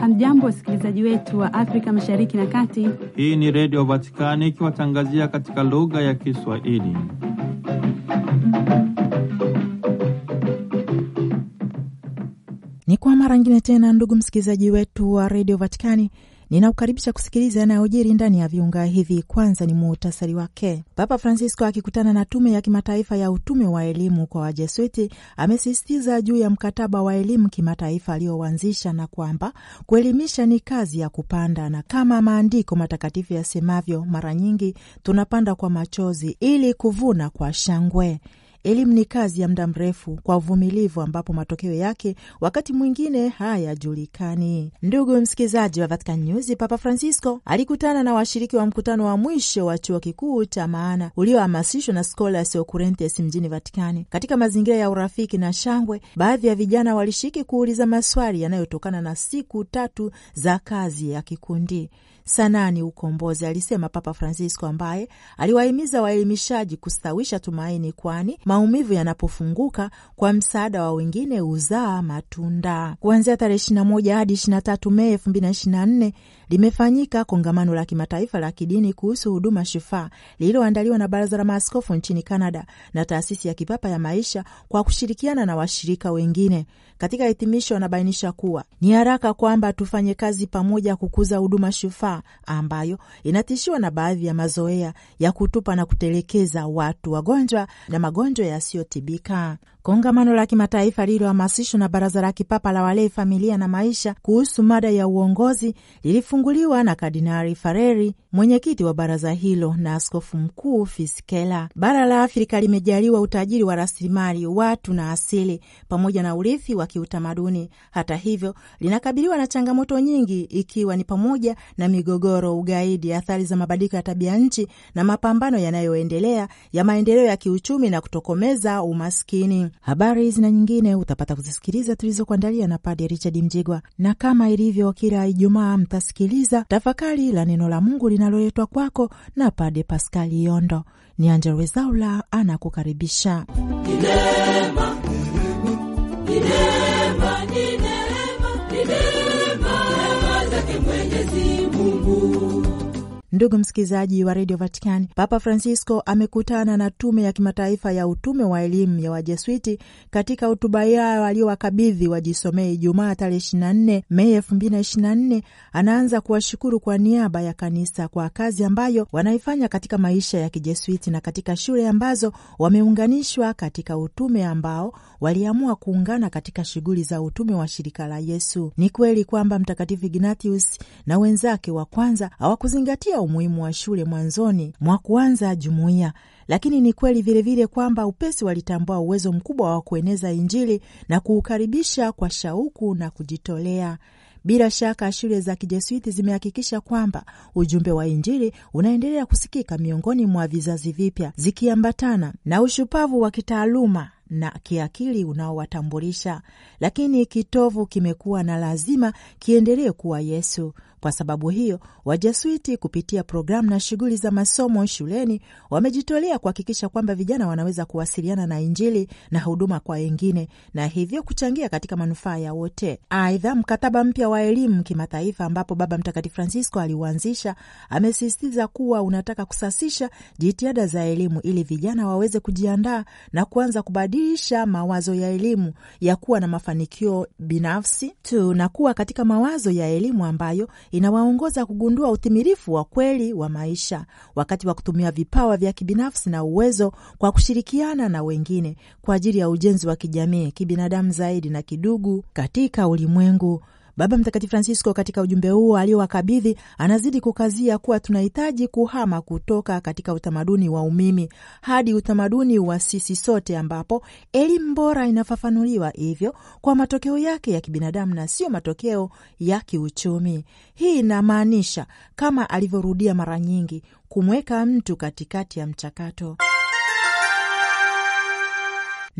Hamjambo, wasikilizaji wetu wa Afrika mashariki na kati. Hii ni Redio Vatikani ikiwatangazia katika lugha ya Kiswahili. Ni kwa mara ngine tena, ndugu msikilizaji wetu wa Redio Vatikani Ninakukaribisha kusikiliza yanayojiri ndani ya viunga hivi. Kwanza ni muhtasari wake. Papa Francisco akikutana na tume ya kimataifa ya utume wa elimu kwa Wajesuiti amesisitiza juu ya mkataba wa elimu kimataifa aliyowanzisha na kwamba kuelimisha ni kazi ya kupanda, na kama maandiko matakatifu yasemavyo, mara nyingi tunapanda kwa machozi ili kuvuna kwa shangwe. Elimu ni kazi ya muda mrefu kwa uvumilivu, ambapo matokeo yake wakati mwingine hayajulikani. Ndugu msikilizaji wa Vatican News, Papa Francisco alikutana na washiriki wa mkutano wa mwisho wa chuo kikuu cha maana uliohamasishwa na Scholas Occurrentes mjini Vatikani. Katika mazingira ya urafiki na shangwe, baadhi ya vijana walishiriki kuuliza maswali yanayotokana na siku tatu za kazi ya kikundi. Sanaa ni ukombozi, alisema Papa Francisco, ambaye aliwahimiza waelimishaji kustawisha tumaini, kwani maumivu yanapofunguka kwa msaada wa wengine huzaa matunda. Kuanzia tarehe 21 hadi 23 Mei 2024 limefanyika kongamano la kimataifa la kidini kuhusu huduma shufaa lililoandaliwa na baraza la maaskofu nchini Canada na taasisi ya kipapa ya maisha kwa kushirikiana na washirika wengine. Katika hitimisho, wanabainisha kuwa ni haraka kwamba tufanye kazi pamoja kukuza huduma shufaa ambayo inatishiwa na baadhi ya mazoea ya kutupa na kutelekeza watu wagonjwa na magonjwa yasiyotibika. Kongamano la kimataifa lililohamasishwa na Baraza la Kipapa la Walei, Familia na Maisha kuhusu mada ya uongozi lilifunguliwa na Kardinali Fareri, mwenyekiti wa baraza hilo, na Askofu Mkuu Fiskela. Bara la Afrika limejaliwa utajiri wa rasilimali watu na asili pamoja na urithi wa kiutamaduni. Hata hivyo, linakabiliwa na changamoto nyingi, ikiwa ni pamoja na migogoro, ugaidi, athari za mabadiliko ya tabia nchi na mapambano yanayoendelea ya maendeleo ya kiuchumi na kutokomeza umaskini. Habari hizi na nyingine utapata kuzisikiliza tulizokuandalia na Padi Richard Mjigwa, na kama ilivyo kila Ijumaa mtasikiliza tafakari la neno la Mungu linaloletwa kwako na pade Paskali Yondo. Ni Angella Rwezaula anakukaribisha. Ndugu msikilizaji wa redio vaticani Papa Francisco amekutana na tume ya kimataifa ya utume wa elimu ya Wajesuiti katika hotuba yao aliyowakabidhi wajisomee Ijumaa tarehe 24 Mei 2024. Anaanza kuwashukuru kwa niaba ya kanisa kwa kazi ambayo wanaifanya katika maisha ya kijesuiti na katika shule ambazo wameunganishwa katika utume ambao waliamua kuungana katika shughuli za utume wa shirika la Yesu. Ni kweli kwamba Mtakatifu Ignatius na wenzake wa kwanza hawakuzingatia umuhimu wa shule mwanzoni mwa kuanza jumuiya lakini ni kweli vilevile kwamba upesi walitambua uwezo mkubwa wa kueneza Injili na kuukaribisha kwa shauku na kujitolea. Bila shaka shule za Kijesuiti zimehakikisha kwamba ujumbe wa Injili unaendelea kusikika miongoni mwa vizazi vipya, zikiambatana na ushupavu wa kitaaluma na kiakili unaowatambulisha, lakini kitovu kimekuwa na lazima kiendelee kuwa Yesu. Kwa sababu hiyo, Wajasuiti kupitia programu na shughuli za masomo shuleni wamejitolea kuhakikisha kwamba vijana wanaweza kuwasiliana na Injili na huduma kwa wengine na hivyo kuchangia katika manufaa ya wote. Aidha, mkataba mpya wa elimu kimataifa ambapo Baba Mtakatifu Francisco aliuanzisha, amesisitiza kuwa unataka kusasisha jitihada za elimu ili vijana waweze kujiandaa na kuanza kubadili kuzidisha mawazo ya elimu ya kuwa na mafanikio binafsi tu na kuwa katika mawazo ya elimu ambayo inawaongoza kugundua utimilifu wa kweli wa maisha, wakati wa kutumia vipawa vya kibinafsi na uwezo kwa kushirikiana na wengine kwa ajili ya ujenzi wa kijamii, kibinadamu zaidi na kidugu katika ulimwengu Baba Mtakatifu Francisco katika ujumbe huo aliowakabidhi anazidi kukazia kuwa tunahitaji kuhama kutoka katika utamaduni wa umimi hadi utamaduni wa sisi sote, ambapo elimu bora inafafanuliwa hivyo kwa matokeo yake ya kibinadamu na sio matokeo ya kiuchumi. Hii inamaanisha, kama alivyorudia mara nyingi, kumweka mtu katikati ya mchakato.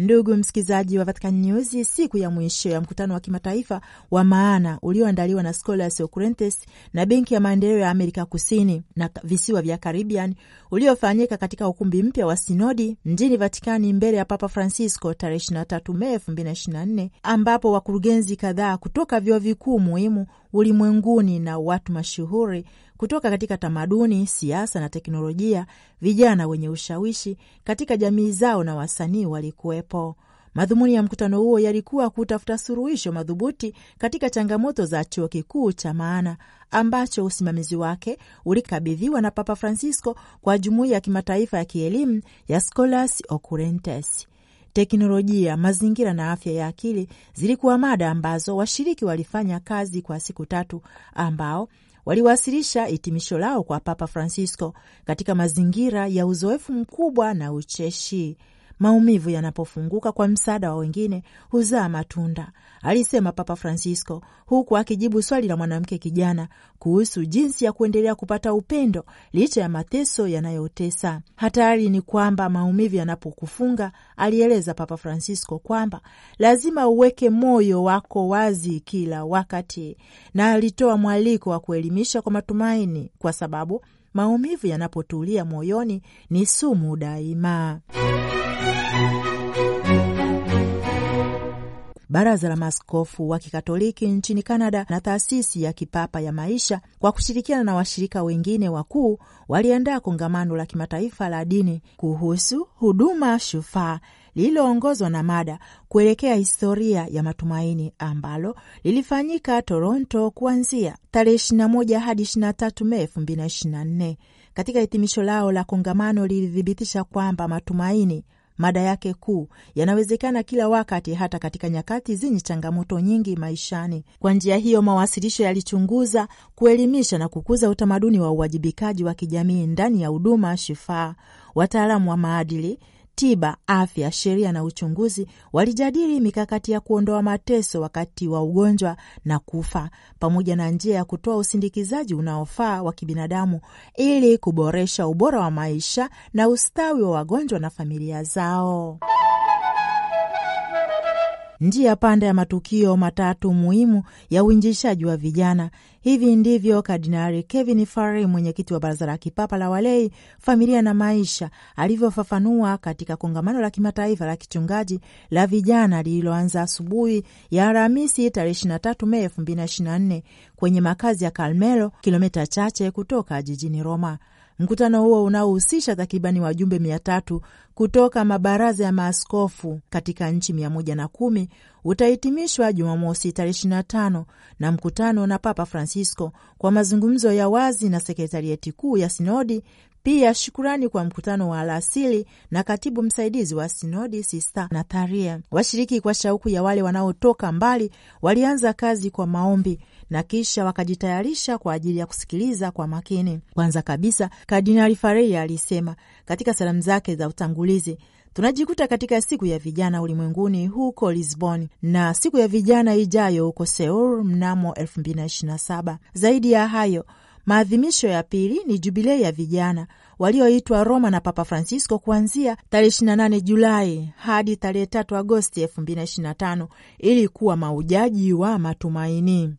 Ndugu msikilizaji wa Vatican News, siku ya mwisho ya mkutano wa kimataifa wa maana ulioandaliwa na Scholas Occurrentes na Benki ya Maendeleo ya Amerika Kusini na visiwa vya Caribbean uliofanyika katika ukumbi mpya wa sinodi mjini Vatikani mbele ya Papa Francisco tarehe 23 Mei 2024, ambapo wakurugenzi kadhaa kutoka vyuo vikuu muhimu ulimwenguni na watu mashuhuri kutoka katika tamaduni, siasa na teknolojia. Vijana wenye ushawishi katika jamii zao na wasanii walikuwepo. Madhumuni ya mkutano huo yalikuwa kutafuta suluhisho madhubuti katika changamoto za chuo kikuu cha maana ambacho usimamizi wake ulikabidhiwa na Papa Francisco kwa jumuiya ya kimataifa ya kielimu ya Scholas Occurrentes teknolojia, mazingira na afya ya akili zilikuwa mada ambazo washiriki walifanya kazi kwa siku tatu, ambao waliwasilisha hitimisho lao kwa Papa Francisco katika mazingira ya uzoefu mkubwa na ucheshi. Maumivu yanapofunguka kwa msaada wa wengine huzaa matunda, alisema Papa Francisco, huku akijibu swali la mwanamke kijana kuhusu jinsi ya kuendelea kupata upendo licha ya mateso yanayotesa. Hatari ni kwamba maumivu yanapokufunga, alieleza Papa Francisco, kwamba lazima uweke moyo wako wazi kila wakati, na alitoa mwaliko wa kuelimisha kwa matumaini, kwa sababu maumivu yanapotulia moyoni ni sumu daima. Baraza la Maaskofu wa Kikatoliki nchini Kanada na Taasisi ya Kipapa ya Maisha kwa kushirikiana na washirika wengine wakuu waliandaa kongamano la kimataifa la dini kuhusu huduma shufaa lililoongozwa na mada kuelekea historia ya matumaini ambalo lilifanyika Toronto kuanzia tarehe 21 hadi 23 Mei 2024. Katika hitimisho lao la kongamano lilithibitisha kwamba matumaini Mada yake kuu yanawezekana kila wakati, hata katika nyakati zenye changamoto nyingi maishani. Kwa njia hiyo, mawasilisho yalichunguza, kuelimisha na kukuza utamaduni wa uwajibikaji wa kijamii ndani ya huduma shifaa, wataalamu wa maadili tiba, afya, sheria na uchunguzi walijadili mikakati ya kuondoa mateso wakati wa ugonjwa na kufa, pamoja na njia ya kutoa usindikizaji unaofaa wa kibinadamu ili kuboresha ubora wa maisha na ustawi wa wagonjwa na familia zao njia panda ya matukio matatu muhimu ya uinjishaji wa vijana. Hivi ndivyo Kardinali Kevin Farley, mwenyekiti wa Baraza la Kipapa la Walei, Familia na Maisha, alivyofafanua katika kongamano la kimataifa la kichungaji la vijana lililoanza asubuhi ya Alhamisi tarehe 23 Mei 2024 kwenye makazi ya Carmelo, kilomita chache kutoka jijini Roma. Mkutano huo unaohusisha takribani wajumbe mia tatu kutoka mabaraza ya maaskofu katika nchi 110 utahitimishwa Jumamosi tarehe 25 na mkutano na Papa Francisco kwa mazungumzo ya wazi na sekretarieti kuu ya sinodi. Pia shukurani kwa mkutano wa alasili na katibu msaidizi wa sinodi Sista Natharia. Washiriki kwa shauku ya wale wanaotoka mbali walianza kazi kwa maombi na kisha wakajitayarisha kwa ajili ya kusikiliza kwa makini. Kwanza kabisa, Kardinali Farei alisema katika salamu zake za utangulizi utangulizi, tunajikuta katika siku ya vijana ulimwenguni huko Lisbon na siku ya vijana ijayo huko Seul mnamo 2027. Zaidi ya hayo, maadhimisho ya pili ni jubilei ya vijana walioitwa Roma na Papa Francisco kuanzia tarehe 28 Julai hadi tarehe 3 Agosti 2025 ili kuwa maujaji wa matumaini.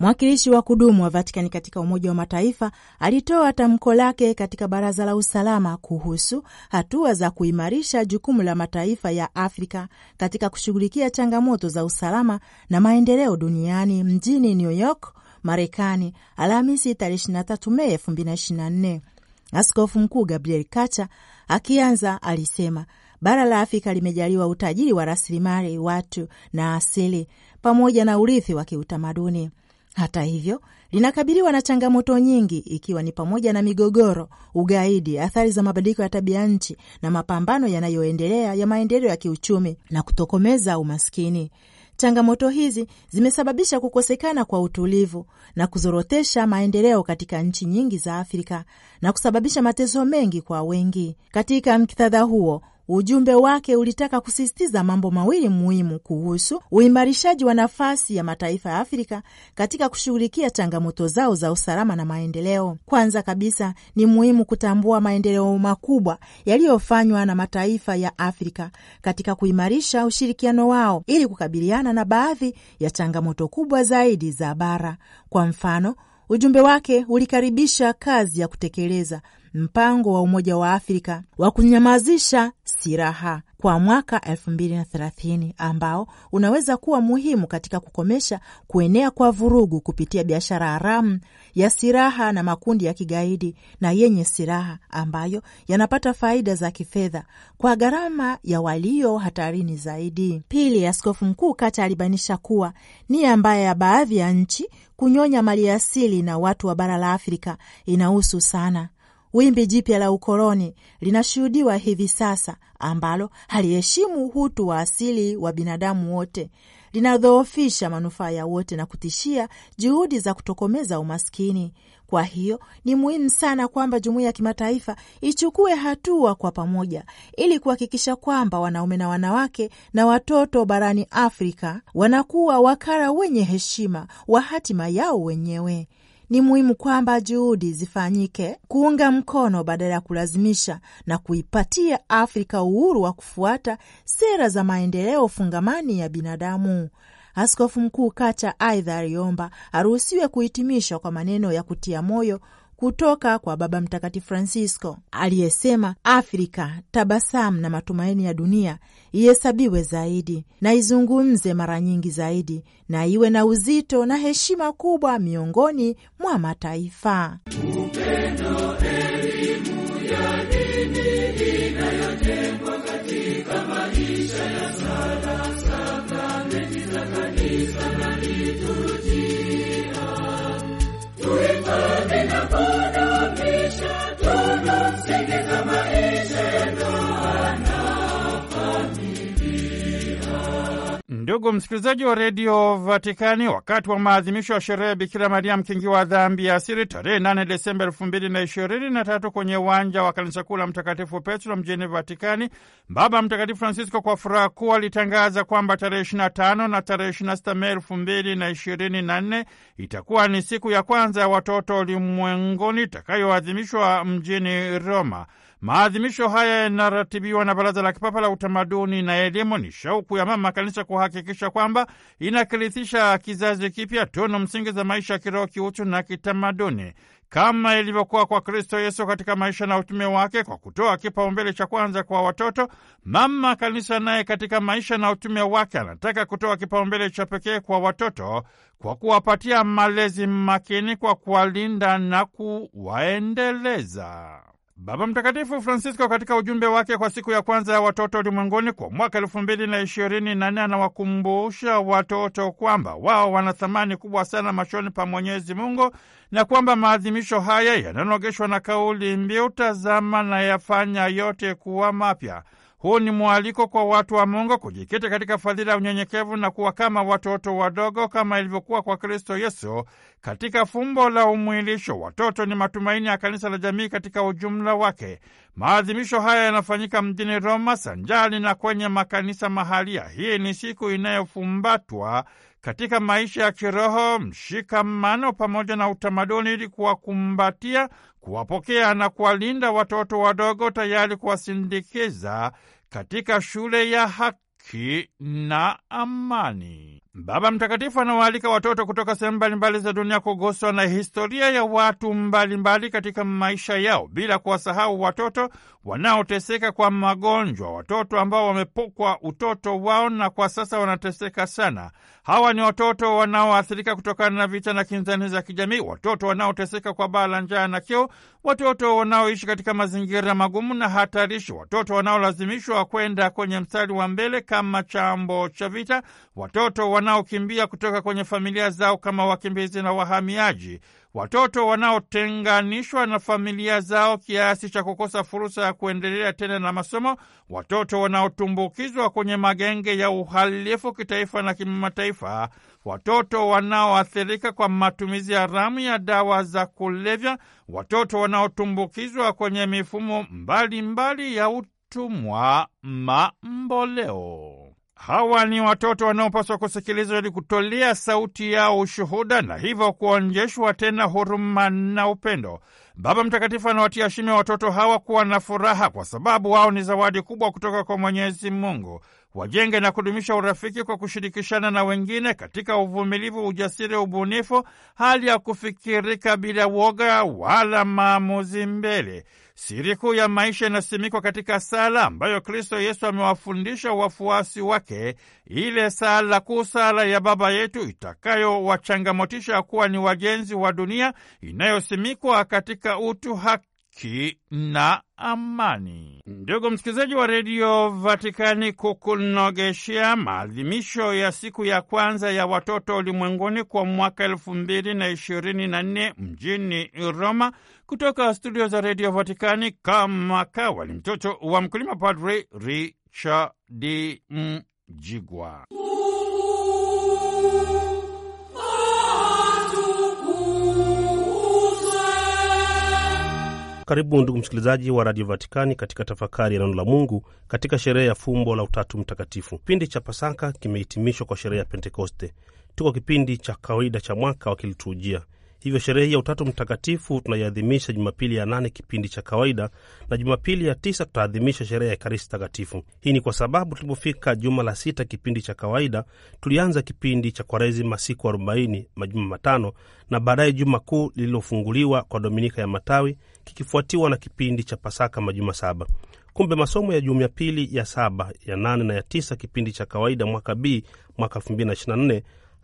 Mwakilishi wa kudumu wa Vatikani katika Umoja wa Mataifa alitoa tamko lake katika Baraza la Usalama kuhusu hatua za kuimarisha jukumu la mataifa ya Afrika katika kushughulikia changamoto za usalama na maendeleo duniani mjini New York, Marekani, Alhamisi 23 Mei 2024. Askofu Mkuu Gabriel Kacha akianza alisema bara la Afrika limejaliwa utajiri wa rasilimali watu na asili pamoja na urithi wa kiutamaduni hata hivyo linakabiliwa na changamoto nyingi, ikiwa ni pamoja na migogoro, ugaidi, athari za mabadiliko ya tabia nchi na mapambano yanayoendelea ya maendeleo ya kiuchumi na kutokomeza umaskini. Changamoto hizi zimesababisha kukosekana kwa utulivu na kuzorotesha maendeleo katika nchi nyingi za Afrika na kusababisha mateso mengi kwa wengi. Katika mktadha huo, Ujumbe wake ulitaka kusisitiza mambo mawili muhimu kuhusu uimarishaji wa nafasi ya mataifa ya Afrika katika kushughulikia changamoto zao za usalama na maendeleo. Kwanza kabisa, ni muhimu kutambua maendeleo makubwa yaliyofanywa na mataifa ya Afrika katika kuimarisha ushirikiano wao ili kukabiliana na baadhi ya changamoto kubwa zaidi za bara. Kwa mfano, ujumbe wake ulikaribisha kazi ya kutekeleza mpango wa Umoja wa Afrika wa kunyamazisha silaha kwa mwaka 2030 ambao unaweza kuwa muhimu katika kukomesha kuenea kwa vurugu kupitia biashara haramu ya silaha na makundi ya kigaidi na yenye silaha ambayo yanapata faida za kifedha kwa gharama ya walio hatarini zaidi. Pili, Askofu Mkuu Kata alibainisha kuwa nia mbaya ya baadhi ya nchi kunyonya maliasili na watu wa bara la Afrika inahusu sana Wimbi jipya la ukoloni linashuhudiwa hivi sasa ambalo haliheshimu utu wa asili wa binadamu wote, linadhoofisha manufaa ya wote na kutishia juhudi za kutokomeza umaskini. Kwa hiyo ni muhimu sana kwamba jumuiya ya kimataifa ichukue hatua kwa pamoja ili kuhakikisha kwamba wanaume na wanawake na watoto barani Afrika wanakuwa wakara wenye heshima wa hatima yao wenyewe. Ni muhimu kwamba juhudi zifanyike kuunga mkono badala ya kulazimisha na kuipatia Afrika uhuru wa kufuata sera za maendeleo fungamani ya binadamu. Askofu Mkuu Kacha aidha aliomba aruhusiwe kuhitimisha kwa maneno ya kutia moyo kutoka kwa Baba Mtakatifu Francisco aliyesema, Afrika tabasamu na matumaini ya dunia ihesabiwe zaidi na izungumze mara nyingi zaidi na iwe na uzito na heshima kubwa miongoni mwa mataifa Upendo, eh. Ndugu msikilizaji wa redio Vatikani, wakati wa maadhimisho ya sherehe ya Bikira Mariamu kingi wa dhambi ya asiri tarehe 8 Desemba elfu mbili na ishirini na tatu kwenye uwanja wa kanisa kuu la Mtakatifu Petro mjini Vatikani, Baba Mtakatifu Francisco kwa furaha kuu alitangaza kwamba tarehe 25 na tarehe 26 Mei elfu mbili na ishirini na nne itakuwa ni siku ya kwanza ya watoto ulimwenguni itakayoadhimishwa mjini Roma. Maadhimisho haya yanaratibiwa na Baraza la Kipapa la Utamaduni na Elimu. Ni shauku ya Mama Kanisa kuhakikisha kwamba inakirithisha kizazi kipya tunu msingi za maisha ya kiroho, kiutu na kitamaduni kama ilivyokuwa kwa Kristo Yesu katika maisha na utume wake. Kwa kutoa kipaumbele cha kwanza kwa watoto, Mama Kanisa naye katika maisha na utume wake anataka kutoa kipaumbele cha pekee kwa watoto kwa kuwapatia malezi makini, kwa kuwalinda na kuwaendeleza. Baba Mtakatifu Francisco katika ujumbe wake kwa siku ya kwanza ya watoto ulimwenguni kwa mwaka elfu mbili na ishirini na nne anawakumbusha watoto kwamba wao wana thamani kubwa sana machoni pa Mwenyezi Mungu na kwamba maadhimisho haya yananogeshwa na kauli mbiu tazama na yafanya yote kuwa mapya. Huu ni mwaliko kwa watu wa Mungu kujikita katika fadhila ya unyenyekevu na kuwa kama watoto wadogo, kama ilivyokuwa kwa Kristo Yesu katika fumbo la umwilisho. Watoto ni matumaini ya kanisa la jamii katika ujumla wake. Maadhimisho haya yanafanyika mjini Roma sanjali na kwenye makanisa mahalia. Hii ni siku inayofumbatwa katika maisha ya kiroho, mshikamano pamoja na utamaduni, ili kuwakumbatia, kuwapokea na kuwalinda watoto wadogo, tayari kuwasindikiza katika shule ya haki na amani. Baba Mtakatifu anawaalika watoto kutoka sehemu mbalimbali za dunia kuguswa na historia ya watu mbalimbali mbali katika maisha yao, bila kuwasahau watoto wanaoteseka kwa magonjwa, watoto ambao wamepokwa utoto wao na kwa sasa wanateseka sana. Hawa ni watoto wanaoathirika kutokana na vita na kinzani za kijamii, watoto wanaoteseka kwa baa la njaa na kiu, watoto wanaoishi katika mazingira magumu na hatarishi, watoto wanaolazimishwa kwenda kwenye mstari wa mbele kama chambo cha vita, watoto wana wanaokimbia kutoka kwenye familia zao kama wakimbizi na wahamiaji, watoto wanaotenganishwa na familia zao kiasi cha kukosa fursa ya kuendelea tena na masomo, watoto wanaotumbukizwa kwenye magenge ya uhalifu kitaifa na kimataifa, watoto wanaoathirika kwa matumizi haramu ya dawa za kulevya, watoto wanaotumbukizwa kwenye mifumo mbalimbali mbali ya utumwa mamboleo. Hawa ni watoto wanaopaswa kusikilizwa ili kutolea sauti yao ushuhuda na hivyo kuonjeshwa tena huruma na upendo. Baba Mtakatifu anawatia shime watoto hawa kuwa na furaha, kwa sababu wao ni zawadi kubwa kutoka kwa Mwenyezi Mungu. Wajenge na kudumisha urafiki kwa kushirikishana na wengine katika uvumilivu, ujasiri, ubunifu, hali ya kufikirika bila woga wala maamuzi mbele Siri kuu ya maisha inasimikwa katika sala ambayo Kristo Yesu amewafundisha wafuasi wake, ile sala kuu, sala ya Baba yetu, itakayowachangamotisha kuwa ni wajenzi wa dunia inayosimikwa katika utu, haki na amani. Ndugu msikilizaji wa redio Vatikani, kukunogeshea maadhimisho ya siku ya kwanza ya watoto ulimwenguni kwa mwaka elfu mbili na ishirini na nne mjini Roma kutoka studio za redio Vatikani, kama kawali mtoto wa mkulima, Padre Richard Mjigwa. Karibu ndugu msikilizaji wa radio Vatikani katika tafakari ya neno la Mungu katika sherehe ya fumbo la Utatu Mtakatifu. Kipindi cha Pasaka kimehitimishwa kwa sherehe ya Pentekoste. Tuko kipindi cha kawaida cha mwaka wa kiliturujia. Hivyo sherehe ya Utatu Mtakatifu tunaiadhimisha Jumapili ya nane kipindi cha kawaida, na Jumapili ya tisa tutaadhimisha sherehe ya Ekaristi Takatifu. Hii ni kwa sababu tulipofika juma la sita kipindi cha kawaida, tulianza kipindi cha Kwaresima siku arobaini, majuma matano, na baadaye Juma Kuu lililofunguliwa kwa Dominika ya Matawi, kikifuatiwa na kipindi cha Pasaka majuma saba. Kumbe masomo ya Jumapili ya saba, ya nane na ya tisa kipindi cha kawaida mwaka B mwaka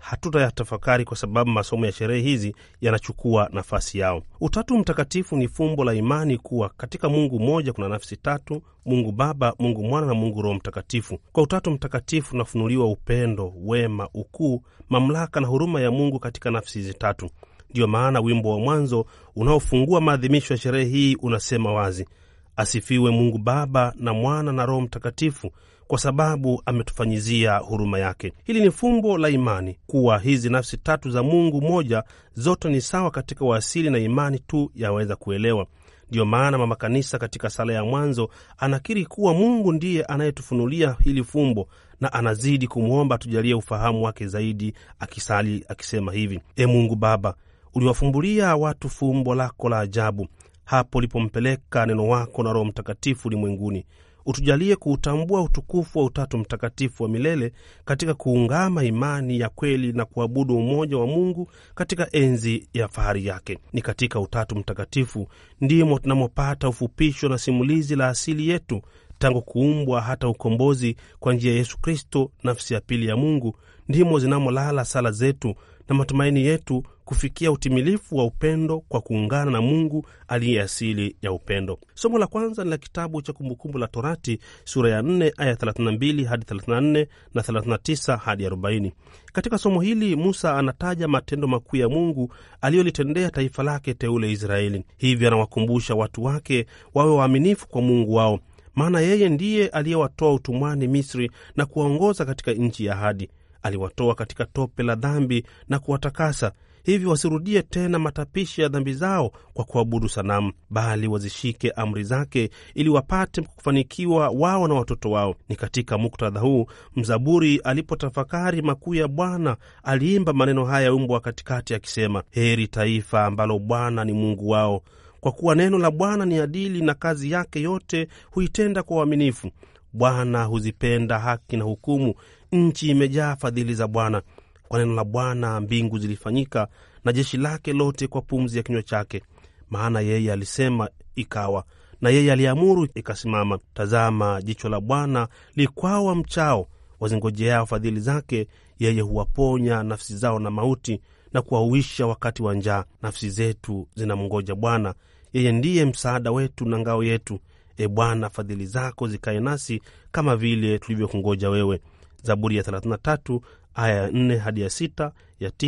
hatutayatafakari kwa sababu masomo ya sherehe hizi yanachukua nafasi yao. Utatu Mtakatifu ni fumbo la imani kuwa katika Mungu mmoja kuna nafsi tatu: Mungu Baba, Mungu Mwana na Mungu Roho Mtakatifu. Kwa Utatu Mtakatifu unafunuliwa upendo, wema, ukuu, mamlaka na huruma ya Mungu katika nafsi hizi tatu. Ndiyo maana wimbo wa mwanzo unaofungua maadhimisho ya sherehe hii unasema wazi: Asifiwe Mungu Baba na Mwana na Roho Mtakatifu, kwa sababu ametufanyizia huruma yake. Hili ni fumbo la imani kuwa hizi nafsi tatu za Mungu moja zote ni sawa katika uasili, na imani tu yaweza kuelewa. Ndiyo maana Mama Kanisa katika sala ya mwanzo anakiri kuwa Mungu ndiye anayetufunulia hili fumbo na anazidi kumwomba atujalie ufahamu wake zaidi, akisali akisema hivi: E Mungu Baba, uliwafumbulia watu fumbo lako la ajabu hapo ulipompeleka neno wako na Roho Mtakatifu ulimwenguni utujalie kuutambua utukufu wa Utatu Mtakatifu wa milele katika kuungama imani ya kweli na kuabudu umoja wa Mungu katika enzi ya fahari yake. Ni katika Utatu Mtakatifu ndimo tunamopata ufupisho na simulizi la asili yetu tangu kuumbwa hata ukombozi kwa njia ya Yesu Kristo, nafsi ya pili ya Mungu, ndimo zinamolala sala zetu na matumaini yetu kufikia utimilifu wa upendo kwa kuungana na Mungu aliye asili ya upendo. Somo la kwanza ni la kitabu cha Kumbukumbu la Torati sura ya 4 aya 32 hadi 34 na 39 hadi 40. Katika somo hili Musa anataja matendo makuu ya Mungu aliyolitendea taifa lake teule Israeli. Hivyo anawakumbusha watu wake wawe waaminifu kwa Mungu wao, maana yeye ndiye aliyewatoa utumwani Misri na kuwaongoza katika nchi ya ahadi aliwatoa katika tope la dhambi na kuwatakasa hivyo wasirudie tena matapishi ya dhambi zao kwa kuabudu sanamu, bali wazishike amri zake ili wapate kufanikiwa wao na watoto wao. Ni katika muktadha huu mzaburi alipotafakari makuu ya Bwana aliimba maneno haya umbwa katikati akisema, heri taifa ambalo Bwana ni Mungu wao, kwa kuwa neno la Bwana ni adili na kazi yake yote huitenda kwa uaminifu. Bwana huzipenda haki na hukumu, nchi imejaa fadhili za Bwana. Kwa neno la Bwana mbingu zilifanyika, na jeshi lake lote kwa pumzi ya kinywa chake. Maana yeye alisema, ikawa, na yeye aliamuru, ikasimama. Tazama, jicho la Bwana likwawa mchao wazingojeao fadhili zake. Yeye huwaponya nafsi zao na mauti, na kuwauisha wakati wa njaa. Nafsi zetu zinamngoja Bwana, yeye ndiye msaada wetu na ngao yetu. E Bwana, fadhili zako zikae nasi kama vile tulivyokungoja wewe. Zaburi ya 33 aya ya 4 hadi ya 6, ya 9,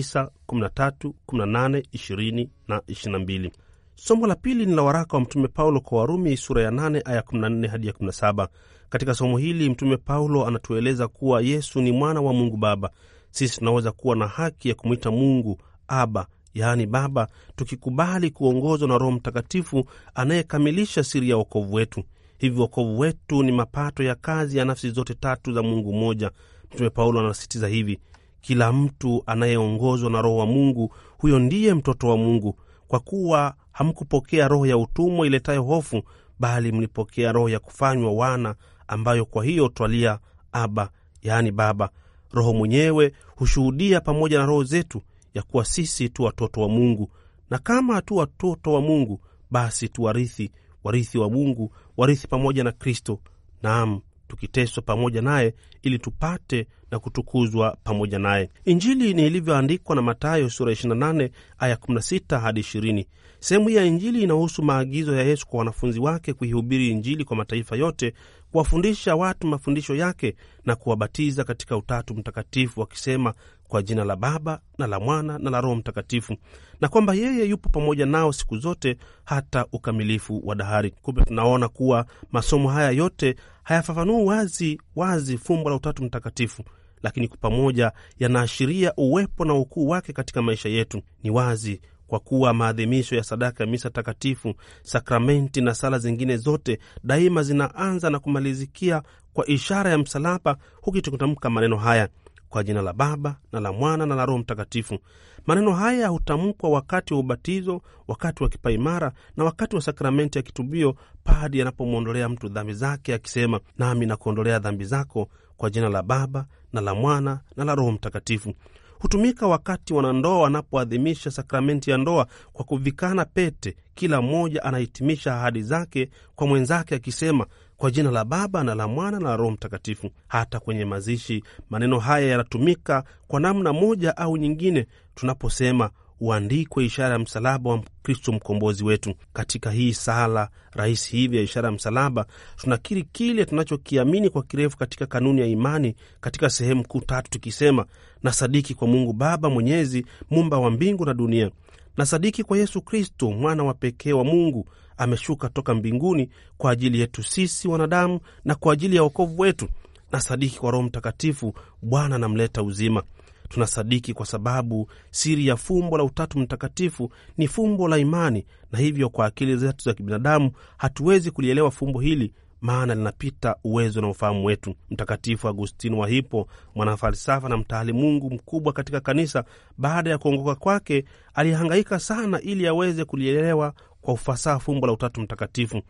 13, 18, 20 na 22. Somo la pili ni la waraka wa Mtume Paulo kwa Warumi sura ya 8 aya 14 hadi ya 17. Katika somo hili Mtume Paulo anatueleza kuwa Yesu ni mwana wa Mungu Baba. Sisi tunaweza kuwa na haki ya kumwita Mungu Aba, yaani Baba, tukikubali kuongozwa na Roho Mtakatifu anayekamilisha siri ya wokovu wetu. Hivyo wokovu wetu ni mapato ya kazi ya nafsi zote tatu za Mungu mmoja. Mtume Paulo anasisitiza hivi: kila mtu anayeongozwa na Roho wa Mungu, huyo ndiye mtoto wa Mungu, kwa kuwa hamkupokea roho ya utumwa iletayo hofu, bali mlipokea roho ya kufanywa wana, ambayo kwa hiyo twalia Aba, yaani Baba. Roho mwenyewe hushuhudia pamoja na roho zetu ya kuwa sisi tu watoto wa Mungu, na kama tu watoto wa Mungu, basi tu warithi, warithi wa Mungu warithi pamoja na Kristo, naam, tukiteswa pamoja naye ili tupate na kutukuzwa pamoja naye. Injili ni ilivyoandikwa na Mathayo sura 28 aya 16 hadi 20. Sehemu ya Injili inahusu maagizo ya Yesu kwa wanafunzi wake kuihubiri Injili kwa mataifa yote, kuwafundisha watu mafundisho yake na kuwabatiza katika Utatu Mtakatifu, wakisema kwa jina la Baba na la Mwana na la Roho Mtakatifu, na kwamba yeye yupo pamoja nao siku zote hata ukamilifu wa dahari. Kumbe tunaona kuwa masomo haya yote hayafafanui wazi wazi fumbo la Utatu Mtakatifu, lakini kwa pamoja yanaashiria uwepo na ukuu wake katika maisha yetu. Ni wazi kwa kuwa maadhimisho ya sadaka ya misa takatifu, sakramenti na sala zingine zote daima zinaanza na kumalizikia kwa ishara ya msalaba, huku tukitamka maneno haya: kwa jina la Baba na la Mwana na la Roho Mtakatifu. Maneno haya hutamkwa wakati wa ubatizo, wakati wa kipaimara na wakati wa sakramenti ya kitubio, padi anapomwondolea mtu dhambi zake akisema, nami nakuondolea dhambi zako kwa jina la Baba na la Mwana na la Roho Mtakatifu. Hutumika wakati wanandoa wanapoadhimisha sakramenti ya ndoa kwa kuvikana pete, kila mmoja anahitimisha ahadi zake kwa mwenzake akisema kwa jina la Baba na la Mwana na la Roho Mtakatifu. Hata kwenye mazishi, maneno haya yanatumika kwa namna moja au nyingine tunaposema uandikwe ishara ya msalaba wa Kristo mkombozi wetu. Katika hii sala rahisi hivi ya ishara ya msalaba, tunakiri kile tunachokiamini kwa kirefu katika kanuni ya imani katika sehemu kuu tatu, tukisema na sadiki kwa Mungu Baba Mwenyezi, mumba wa mbingu na dunia, na sadiki kwa Yesu Kristo, mwana wa pekee wa Mungu ameshuka toka mbinguni kwa ajili yetu sisi wanadamu na kwa ajili ya wokovu wetu, na sadiki kwa Roho Mtakatifu, Bwana anamleta uzima. Tunasadiki kwa sababu siri ya fumbo la Utatu Mtakatifu ni fumbo la imani, na hivyo kwa akili zetu za kibinadamu hatuwezi kulielewa fumbo hili maana linapita uwezo na ufahamu wetu. Mtakatifu Agustino wa Hippo, mwanafalsafa na mtaali Mungu mkubwa katika Kanisa, baada ya kuongoka kwake alihangaika sana ili aweze kulielewa kwa ufasaha fumbo la Utatu Mtakatifu.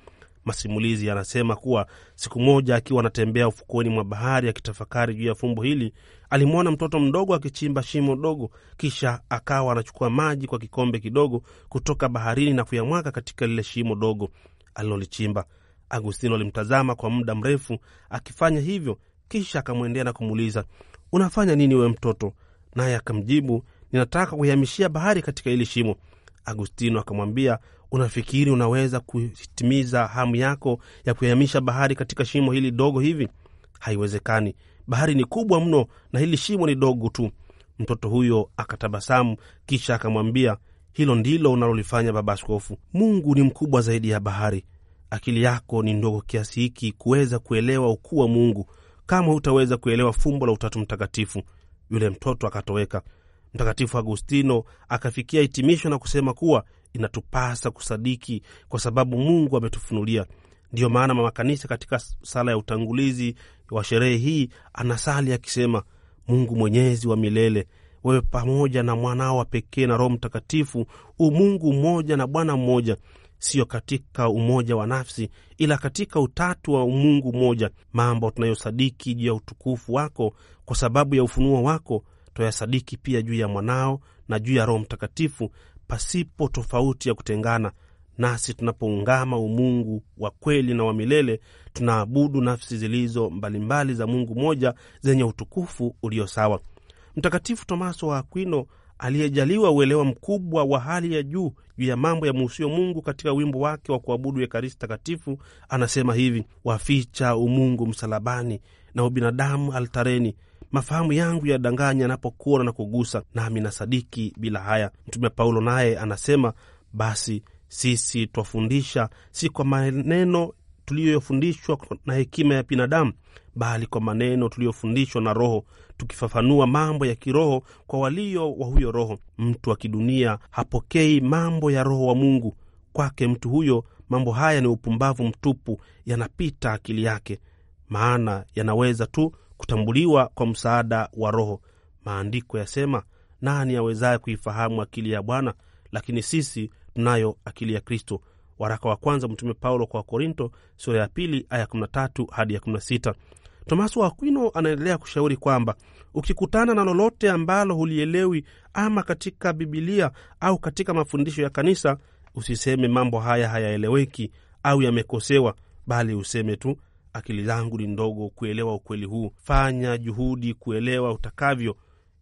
Masimulizi anasema kuwa siku moja akiwa anatembea ufukoni mwa bahari akitafakari juu ya fumbo hili, alimwona mtoto mdogo akichimba shimo dogo, kisha akawa anachukua maji kwa kikombe kidogo kutoka baharini na kuyamwaga katika lile shimo dogo alilolichimba. Agustino alimtazama kwa muda mrefu akifanya hivyo, kisha akamwendea na kumuuliza, unafanya nini we mtoto? Naye akamjibu, ninataka kuihamishia bahari katika hili shimo. Agustino akamwambia, unafikiri unaweza kutimiza hamu yako ya kuihamisha bahari katika shimo hili dogo hivi? Haiwezekani, bahari ni kubwa mno na hili shimo ni dogo tu. Mtoto huyo akatabasamu, kisha akamwambia, hilo ndilo unalolifanya baba askofu. Mungu ni mkubwa zaidi ya bahari. Akili yako ni ndogo kiasi hiki kuweza kuelewa ukuu wa Mungu. Kama hutaweza kuelewa fumbo la Utatu Mtakatifu. Yule mtoto akatoweka. Mtakatifu Agustino akafikia hitimisho na kusema kuwa inatupasa kusadiki kwa sababu Mungu ametufunulia. Ndiyo maana mama kanisa katika sala ya utangulizi wa sherehe hii anasali akisema: Mungu mwenyezi wa milele, wewe pamoja na mwanao wa pekee na Roho Mtakatifu, umungu mmoja na Bwana mmoja, siyo katika umoja wa nafsi, ila katika utatu wa umungu mmoja, mambo tunayosadiki juu ya utukufu wako kwa sababu ya ufunuo wako twayasadiki pia juu ya mwanao na juu ya Roho Mtakatifu, pasipo tofauti ya kutengana nasi, tunapoungama umungu wa kweli na wa milele, tunaabudu nafsi zilizo mbalimbali za Mungu mmoja zenye utukufu ulio sawa. Mtakatifu Tomaso wa Akwino aliyejaliwa uelewa mkubwa wa hali ya juu juu ya mambo ya muhusio Mungu, katika wimbo wake wa kuabudu Ekaristi Takatifu anasema hivi: waficha umungu msalabani na ubinadamu altareni, mafahamu yangu yadanganya yanapokuona na kugusa, nami na sadiki bila haya. Mtume Paulo naye anasema basi sisi twafundisha si kwa maneno tuliyofundishwa na hekima ya binadamu, bali kwa maneno tuliyofundishwa na Roho, tukifafanua mambo ya kiroho kwa walio wa huyo Roho. Mtu wa kidunia hapokei mambo ya Roho wa Mungu. Kwake mtu huyo mambo haya ni upumbavu mtupu, yanapita akili yake, maana yanaweza tu kutambuliwa kwa msaada wa Roho. Maandiko yasema, nani awezaye kuifahamu akili ya Bwana? Lakini sisi tunayo akili ya Kristo. Waraka wa kwanza Mtume Paulo kwa Korinto, sura ya pili aya 13 hadi ya 16. Tomaso wa Akwino anaendelea kushauri kwamba ukikutana na lolote ambalo hulielewi ama katika Bibilia au katika mafundisho ya kanisa, usiseme mambo haya hayaeleweki au yamekosewa, bali useme tu akili zangu ni ndogo kuelewa ukweli huu. Fanya juhudi kuelewa utakavyo,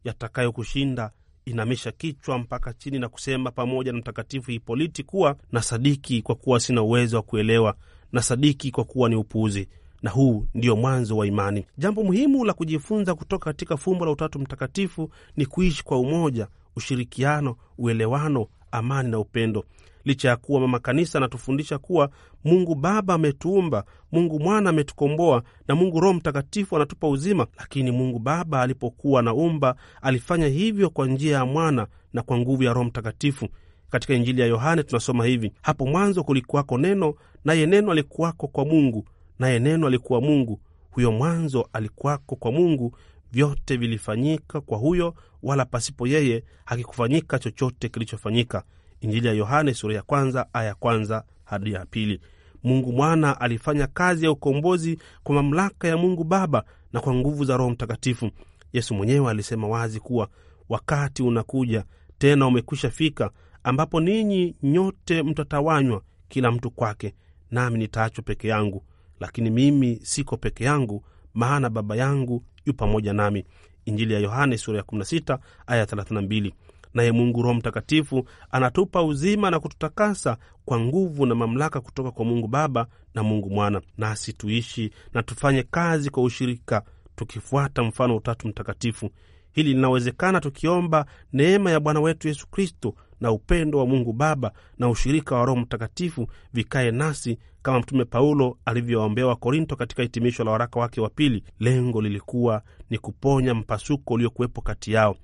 yatakayokushinda. Inamisha kichwa mpaka chini na kusema pamoja na Mtakatifu Hipoliti kuwa na sadiki, kwa kuwa sina uwezo wa kuelewa, na sadiki kwa kuwa ni upuuzi na huu ndio mwanzo wa imani. Jambo muhimu la kujifunza kutoka katika fumbo la Utatu Mtakatifu ni kuishi kwa umoja, ushirikiano, uelewano, amani na upendo licha ya kuwa mama kanisa anatufundisha kuwa Mungu Baba ametuumba, Mungu Mwana ametukomboa na Mungu Roho Mtakatifu anatupa uzima. Lakini Mungu Baba alipokuwa anaumba, alifanya hivyo kwa njia ya mwana na kwa nguvu ya Roho Mtakatifu. Katika Injili ya Yohane tunasoma hivi: hapo mwanzo kulikuwako Neno, naye Neno alikuwako kwa Mungu, naye Neno alikuwa Mungu. Huyo mwanzo alikuwako kwa Mungu. Vyote vilifanyika kwa huyo, wala pasipo yeye hakikufanyika chochote kilichofanyika. Injili ya Yohane sura ya kwanza aya kwanza hadi ya pili. Mungu Mwana alifanya kazi ya ukombozi kwa mamlaka ya Mungu Baba na kwa nguvu za Roho Mtakatifu. Yesu mwenyewe alisema wazi kuwa wakati unakuja tena umekwisha fika, ambapo ninyi nyote mtatawanywa kila mtu kwake, nami nitaachwa peke yangu. Lakini mimi siko peke yangu, maana Baba yangu yu pamoja nami. Injili ya Yohane sura ya 16 aya 32 naye Mungu Roho Mtakatifu anatupa uzima na kututakasa kwa nguvu na mamlaka kutoka kwa Mungu Baba na Mungu Mwana, nasi tuishi na tufanye kazi kwa ushirika, tukifuata mfano wa Utatu Mtakatifu. Hili linawezekana tukiomba neema ya Bwana wetu Yesu Kristo na upendo wa Mungu Baba na ushirika wa Roho Mtakatifu vikae nasi, kama Mtume Paulo alivyowaombea Wakorinto katika hitimisho la waraka wake wa pili. Lengo lilikuwa ni kuponya mpasuko uliokuwepo kati yao.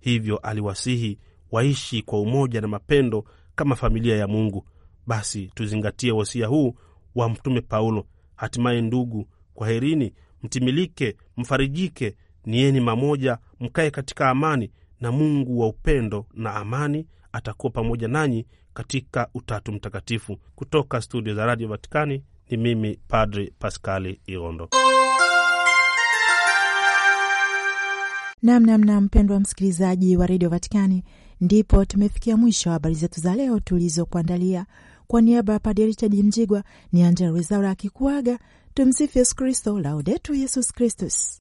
Hivyo aliwasihi waishi kwa umoja na mapendo kama familia ya Mungu. Basi tuzingatie wasia huu wa Mtume Paulo. Hatimaye ndugu, kwaherini, mtimilike, mfarijike, nieni mamoja, mkaye katika amani, na Mungu wa upendo na amani atakuwa pamoja nanyi katika Utatu Mtakatifu. Kutoka studio za Radio Vatikani ni mimi Padri Paskali Irondo. Namnamna mpendwa msikilizaji wa redio Vatikani, ndipo tumefikia mwisho wa habari zetu za leo tulizokuandalia. Kwa niaba ya Padre Richard Mjigwa ni Angela Rwezaura akikuaga. Tumsifu Yesu Kristo, Laudetu Yesus Kristus.